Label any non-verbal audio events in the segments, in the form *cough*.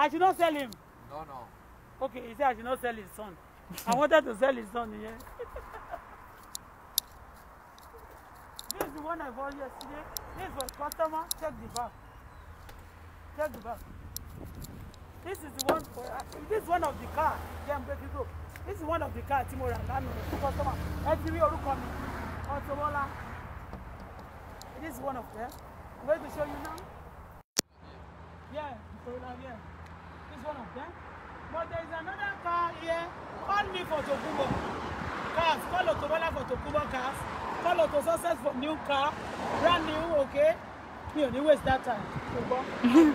I should not sell him. No, no. Okay, he said I should not sell his son. I wanted to sell his son, yeah. *laughs* this is the one I bought yesterday. This was customer. Check the back. Check the back. This is the one for uh, this one of the car. Then break it up. This is one of the car Timor mo rà lánàá customer. Ẹ ti rí orúkọ mi. Ọ̀tọ̀wọ́lá. This is one of them. I'm going to show you now. Yeah, Corolla, yeah is one of them. But there is another car here. Call me for Tokumbo cars. Call Otobola for Tokumbo cars. Call Oto Success for new car. Brand new, okay? Mi ò waste that time. Tokumbo. *laughs*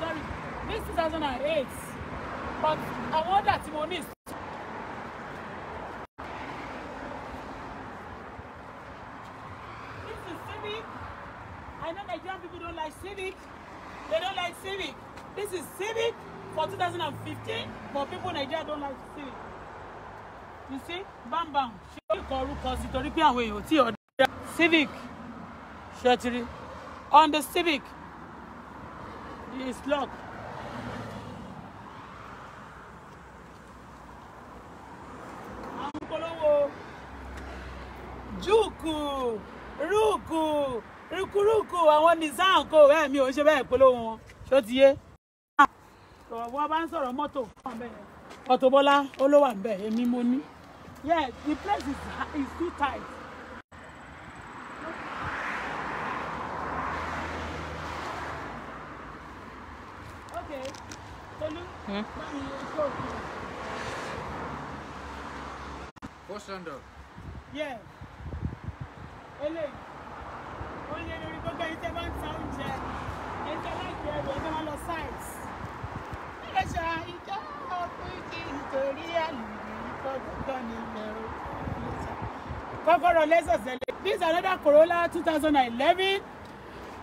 Sorry, this 2008, but I want that money is. I know Nigerian people don't like civic. They don't like civic. This is civic for 2015, but people in Nigeria don't like civic. You see? Bam bam. Ṣé ìkọ̀ orúkọ sí torí pé civic ṣẹ́tiri on the civic It's locked. kúrúkù àwọn nìsáàn kò rẹ́ mi ò ṣe bẹ́ẹ̀ polówó wọn tó ti yé. sọ̀rọ̀ wọn bá ń sọ̀rọ̀ mọ́tò Auto Bola ó ló wà ń èmi mo ní. yes the place is, is too tight. okay Tolu hmm? bá mi yeah ó lé lórí this is another Corolla two thousand and eleven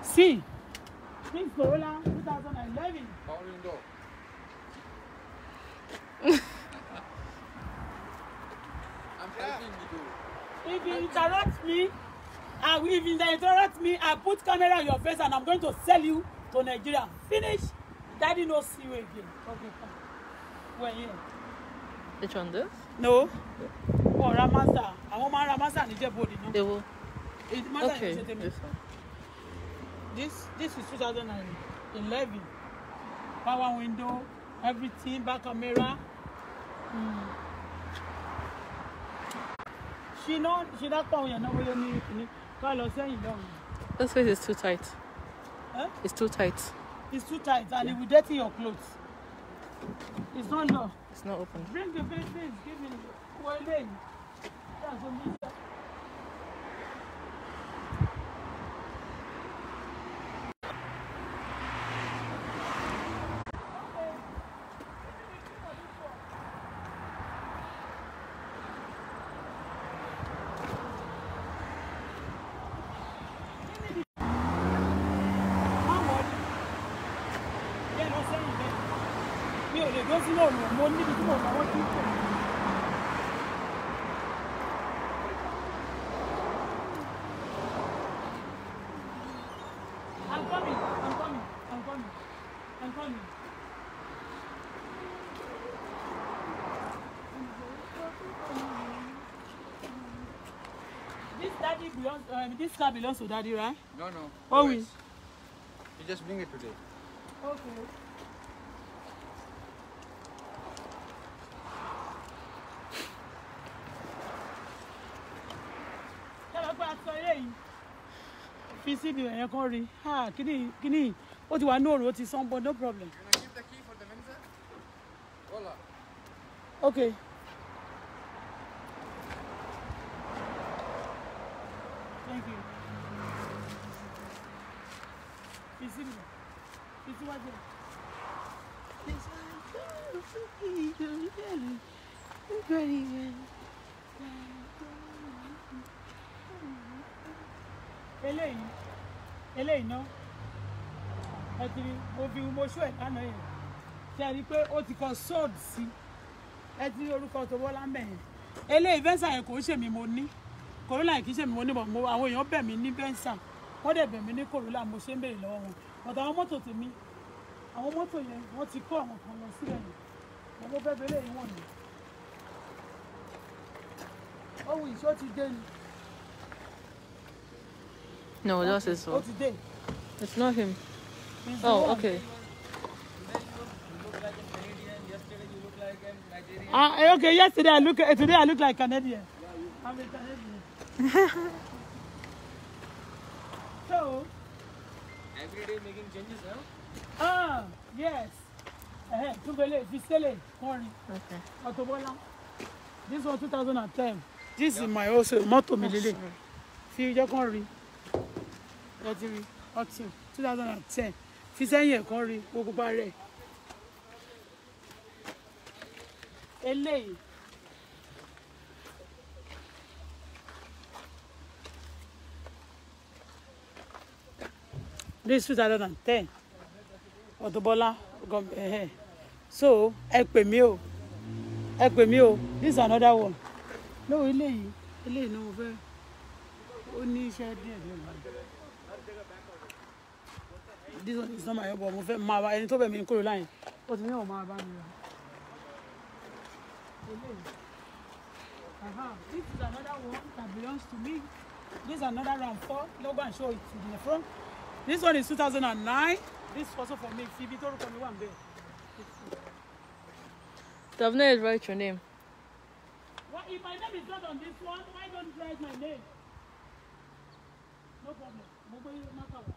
c this Corolla two thousand and eleven. I'm typing If you interrupt me. And if you interrupt me, I put camera on your face and I'm going to sell you to Nigeria. Finish. Daddy no see you again. Okay, fine. We're here. Which one this? No. Oh, Ramasa. I want my Ramasa and Ije body, no? They will. It matters. okay, this This, this is 2011. Power window, everything, back camera. Mm. She know. she not power, you know, we need ká lọ sẹ́yìn This place is too tight. Huh? It's too tight. It's too tight and yeah. it will dirty your clothes. It's not locked. It's not open. Bring the bed, please. Give me. Well, then. That's amazing. I'm coming, I'm coming, I'm coming, I'm coming. This um, car belongs to daddy, right? No, no. Oh, always. You just bring it today. Okay. fi sí ibi kan rí kíní kíní ó ti wà ní òòrùn ti no problem. Can I give the key for the minister? Hola. Okay. Thank you. Very eléyìí eléyìí náà ẹ ti rí mo fi mo ṣó ẹ̀ lánàá yẹn ṣe rí i pé ó ti kọ sóòd sí ẹ ti rí orúkọ tó wọ́lá mẹ́yìn eléyìí vẹ́nsà yẹn kò ń ṣèmi mo ní kòrólà yìí kì í ṣèmi mo ní bọ̀ mo àwọn èèyàn bẹ̀ mí ní vẹ́nsà wọ́n dẹ̀ bẹ̀ mí ní kòrólà mo ṣe ń béèrè lọ́wọ́ wọn ọ̀dọ̀ àwọn mọ́tò tèmi àwọn mọ́tò yẹn wọ́n ti kó àwọn kan lọ sílẹ̀ yìí àwọn bẹ́ẹ̀ bẹ́ẹ̀ lè wọ̀nyí. ohun ìṣó ti dé ni. No, that's his then? It's not him. oh, okay. Ah, eh, okay, yesterday I look eh, today I look like Canadian. I'm a Canadian. *laughs* so every day making changes, huh? Ah, yes. Eh, tu corn. Okay. This one 2010. This is my also motto, See, you just ọtí rí ọtí two thousand and ten fi sẹ́yìn ẹ̀kan rí gbogbo bá rẹ̀ eléyìí this two thousand and ten Auto-Bola so ẹ pè mí o ẹ pè mí o this is another one no eléyìí eléyìí ni mo fẹ́ ó ní iṣẹ́ díẹ̀ díẹ̀ báyìí this one is not my elbow mo fẹ́ máa bá ẹni to bẹ̀ mí kúrò láyìn ó ti ní òun máa bá mi rà. this is another one that belongs to me this is another round four no go and show it in the front this one is two thousand and nine this also for me ibi tó rúkọ mi wà nbẹ. Tavna is write your name. Well, if my name is not on this one, why don't you write my name? No problem.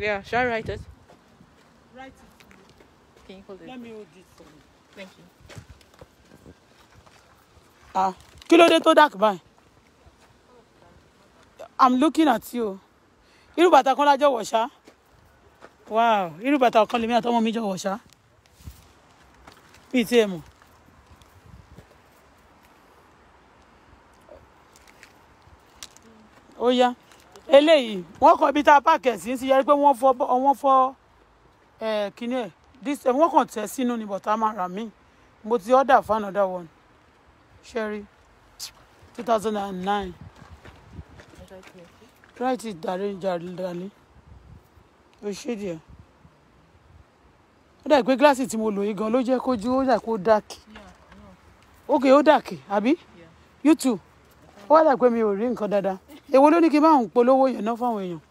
Yeah, shall I write it? Write it. Can you hold it? Let me hold it for me. Thank you. Ah, kilo de to dark by. I'm looking at you. Irú bàtà kan lájọ wọ̀ ṣá. Wow, irú bàtà kan lèmi àtọmọ mi jọ wọ̀ ṣá. Bíi tí ẹ mọ̀. Ó Oh, yeah eléyìí wọ́n kàn ibi tá a páàkì ẹ̀sìn sí yẹrí pé wọ́n fọ́ wọ́n fọ́ ẹ̀ kíní ẹ̀ this wọ́n kàn tẹ̀ sínú ni bọ̀tá máa rà mí mo ti order for another one sherry two thousand and nine right it dàrí jàdàlí o ṣe díẹ̀ ó dà pé gíláàsì tí mo lò yìí gan ló jẹ́ kójú ó dà kó dàkì ok ó dàkì àbí you too ó wá dà pé mi ò rí nǹkan dáadáa èwo ló ní kí n bá òun polówó yẹn náà fáwọn èèyàn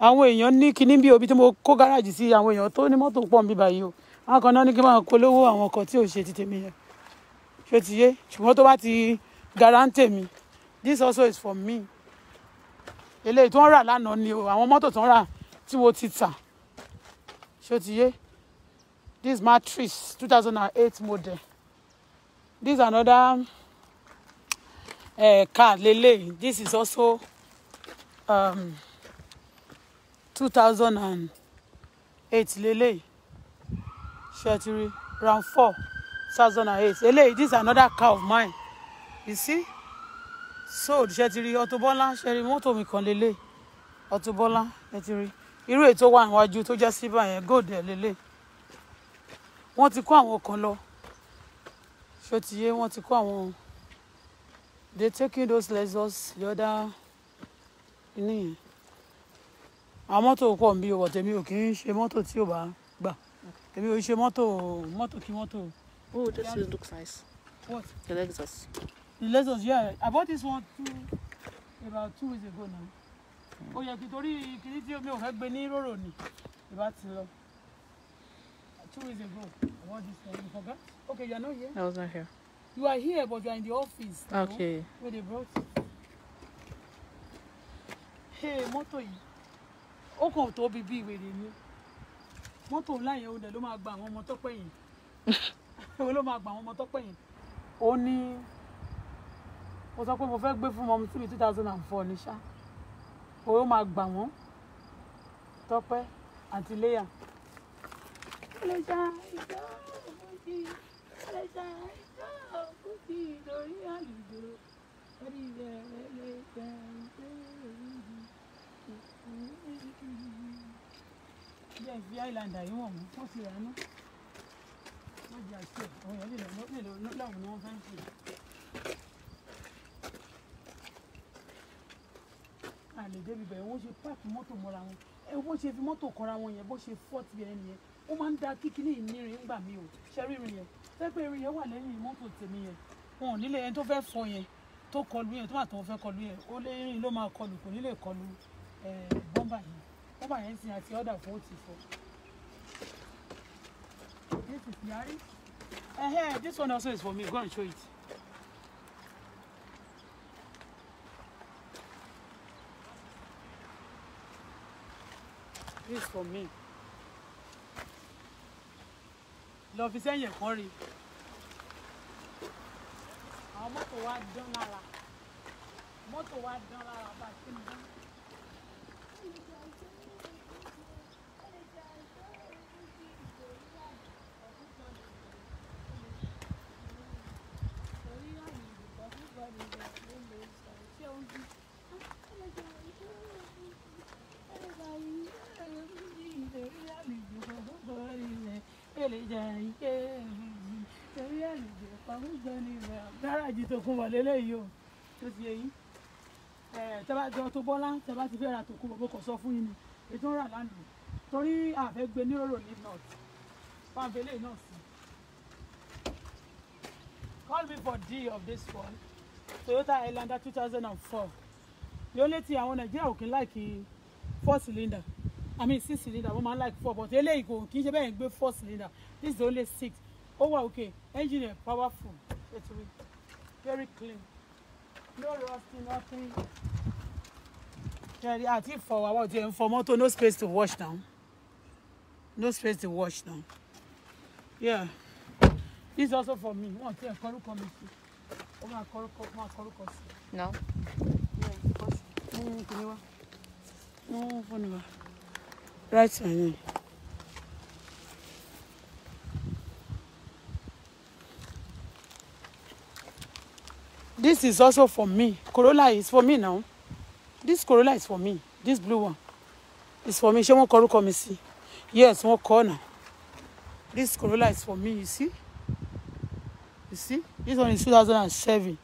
àwọn èèyàn ní kinní bí obi tí mo kó gáràjì sí àwọn èèyàn tó ní mọ́tò pọ̀ ń bí báyìí o àwọn kan náà ní kí n bá òun polówó àwọn ọkọ̀ tí ò ṣe ti tèmi yẹn ṣé ti yé ṣùgbọ́n tó bá ti garante mi this also is for me eléyìí tó ń rà lánàá ni o àwọn mọ́tò tó ń rà tí mo ti tà ṣé ti yé this mattress two thousand and eight model this another uh, car lele this is also um, two thousand and eight lélẹ́yìí ṣẹ́tìrì round four two thousand and eight eléyìí this is another car of mine you see sold ṣẹ́tìrì Auto Bola ṣẹ́tìrì mọ́tò mi kan lélẹ́yìí Auto Bola ṣẹ́tìrì irú ètò wà níwájú tó jẹ́ síbà yẹn gold ẹ̀ lélẹ̀ wọ́n ti kó àwọn kan lọ ṣó ti yé wọ́n ti kó àwọn they taking those lessons the other nìyẹn àwọn mọ́tò pọ̀ ń bí ọwọ́ tèmi ò kì í ṣe mọ́tò tí ò bá gbà tèmi ò ṣe mọ́tò mọ́tò kí mọ́tò. oh this yeah. looks nice. what the Lexus. the Lexus yeah I bought this one two about two weeks ago now. ó yẹ kí torí kìíní tí mi ò fẹ́ gbé ní ròrò ni ìbá ti lọ. two weeks ago I bought this one you forget. okay you are not here. I was not here. you are here but you are in the office. okay. You know, brought mọ́tò yìí ó kò tóbi bí ìwèrè ni mọ́tò ńlá yẹn ó dẹ̀ ló máa gba àwọn ọmọ tọ́pẹ́ yìí ó *laughs* ló máa gba àwọn ọmọ tọ́pẹ́ yìí ó ní ó sọ pé mo fẹ́ gbé fún ọmọ sí mi two thousand and four ní ṣá ó máa gbà wọ́n tọ́pẹ́ àti léyà. ẹlẹ́jà ìjọ Oh, ah, bí ẹ eh, fi àìlàndà yìí wọ̀n mú wọ́n ti rà ná wọ́n di àti ẹ̀ àwọn èèyàn lè lọ láwọn ni wọ́n fẹ́ ń ṣe. yẹn tó fẹ́ fọ yẹn tó kọlu yẹn tó mà tó fẹ́ kọlu yẹn ó lé irin ló máa kọlu kò nílé kọlu bọ́mbà yẹn bọ́mbà yẹn sin àti ọ̀dà fún òtì fọ́ this is yari uh -huh, this one also is for me go and show it. This for me. Lọ fi sẹ́yìn kan rí. Àwọn mọ́tò wa dán lára. Mọ́tò wa dán lára bá a ti mú. gèlè jẹ ike torí àlejò pàmò gan ni rẹ gáràjì tó kún wọlé léyìí o tó ti yẹyìn ẹ tẹ́bá jọ tó bọ́lá tẹ́bá ti fẹ́ ra tó kún bọ́bọ́ kọ̀ sọ fún yín ni ètò rà lánàá torí àfẹ́ gbé níròrò ní north pàbẹ́lẹ̀ náà sí call me for d of this one Toyota Highlander 2004 the only thing àwọn Nàìjíríà ò kí ń láìkí four cylinder i mean six cylinder wọ́n máa like four but eléyìí kò kì í ṣe bẹ́ẹ̀ gbé four cylinder this is only six ó wà okay engine powerful ètùwì very clean no rusty nothing kẹrin àti ìfọwọ́ àwọn ọ̀dẹ̀ ń fọ mọ́tò no space to wash down no space to wash down yeah this is also for me wọ́n ti ẹ̀ kọ́rúkọ mi sí ó máa kọ́rúkọ máa kọ́rúkọ sí. no. yeah, because, mm, kò ní wá. no, fún mi wá. Write my name. This is also for me. Corolla is for me now. This Corolla is for me. This blue one is for me. Ṣé wọ́n kọ orúkọ see. Yes, one corner. This Corolla is for me, you see? You see? This one is 2007.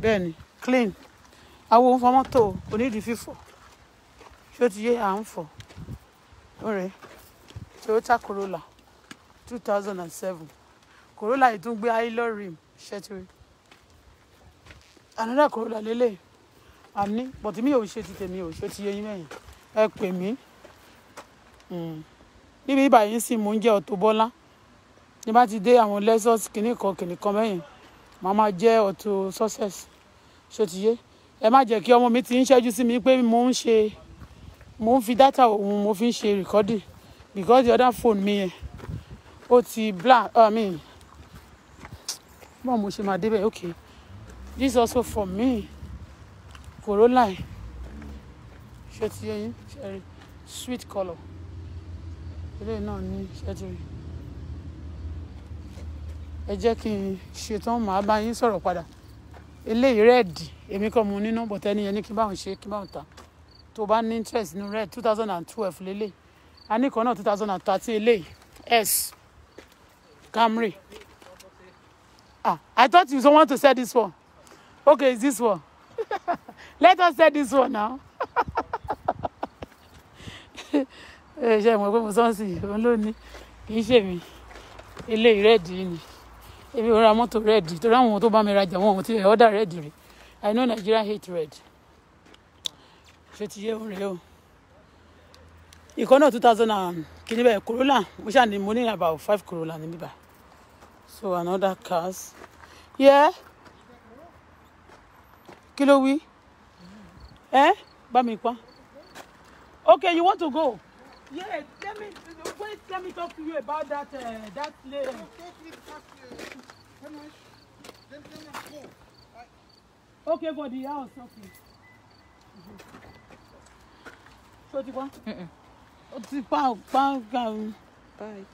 Benny, clean. I ohun fọmọ́tò kò ní ìdí fífọ̀. Ṣé o Should you à ń fọ̀? ọ̀rẹ́ Toyota Corolla 2007. thousand and seven Corolla ìtúngbé aylor rim ṣẹ́tìrì another Corolla lélẹ̀ àní bọ̀tí mi ò ṣe ti tèmi ò ṣe ti yẹ yín mẹ́yìn ẹ pè mí hmm. níbi ìbàyí sì mò ń jẹ́ Auto Bọ́lá ní bá ti dé àwọn Lexus kìnnì kan kìnnì kan mẹ́yìn màá máa jẹ́ Auto Success ṣe ti yé ẹ má jẹ́ kí ọmọ mi ti ń ṣẹ́jú sí mi pé mo ń ṣe mo ń fi data òun mo fi ń ṣe recording because the other phone mi yẹn ó ti blank i mean bọ́ọ̀ mo ṣe máa débẹ̀ okay this also for me corolla ṣe ti yẹn ṣe sweet colour eléyìí náà ní ṣẹ́tìrì ẹ jẹ́ kí n ṣetán màá bá yín sọ̀rọ̀ padà eléyìí rẹ́ẹ̀dì èmi kọ́ mo ní nọ́mbọ̀ yẹn ní kí báwọn ṣe kí báwọn ta tó bá ní interest nínú rẹ̀ two thousand and twelve lélẹ̀ a ní kan náà two thousand and thirteen eléyìí S Camry ah I thought you don't want to sell this one okay it's this one *laughs* let us sell this one now *laughs* ẹ ṣe mọ̀ pé mo sọ́ọ̀sì òun ló kì í ṣe mi eléyìí rẹ́ẹ̀dì ni èmi ò ra mọ́tò rẹ́ẹ̀dì torí àwọn ohun tó bá mi rajà wọn ò tí ẹ̀ ọ́dà rẹ́ẹ̀dì rẹ̀ I know Nigeria hate red ṣé ti yé òun rèé o ìkọ́ two thousand and kìíní bẹ́ẹ̀ Corolla mo ṣáà ní mo ní about five Corolla níbí bá so another cars yẹ kí ló wí ẹ bá mi pa okay you want to go. yeah let me wait let me talk to you about that uh, that lady. okay for the house okay. Mm-hmm. 哦，对吧？嗯嗯，拜。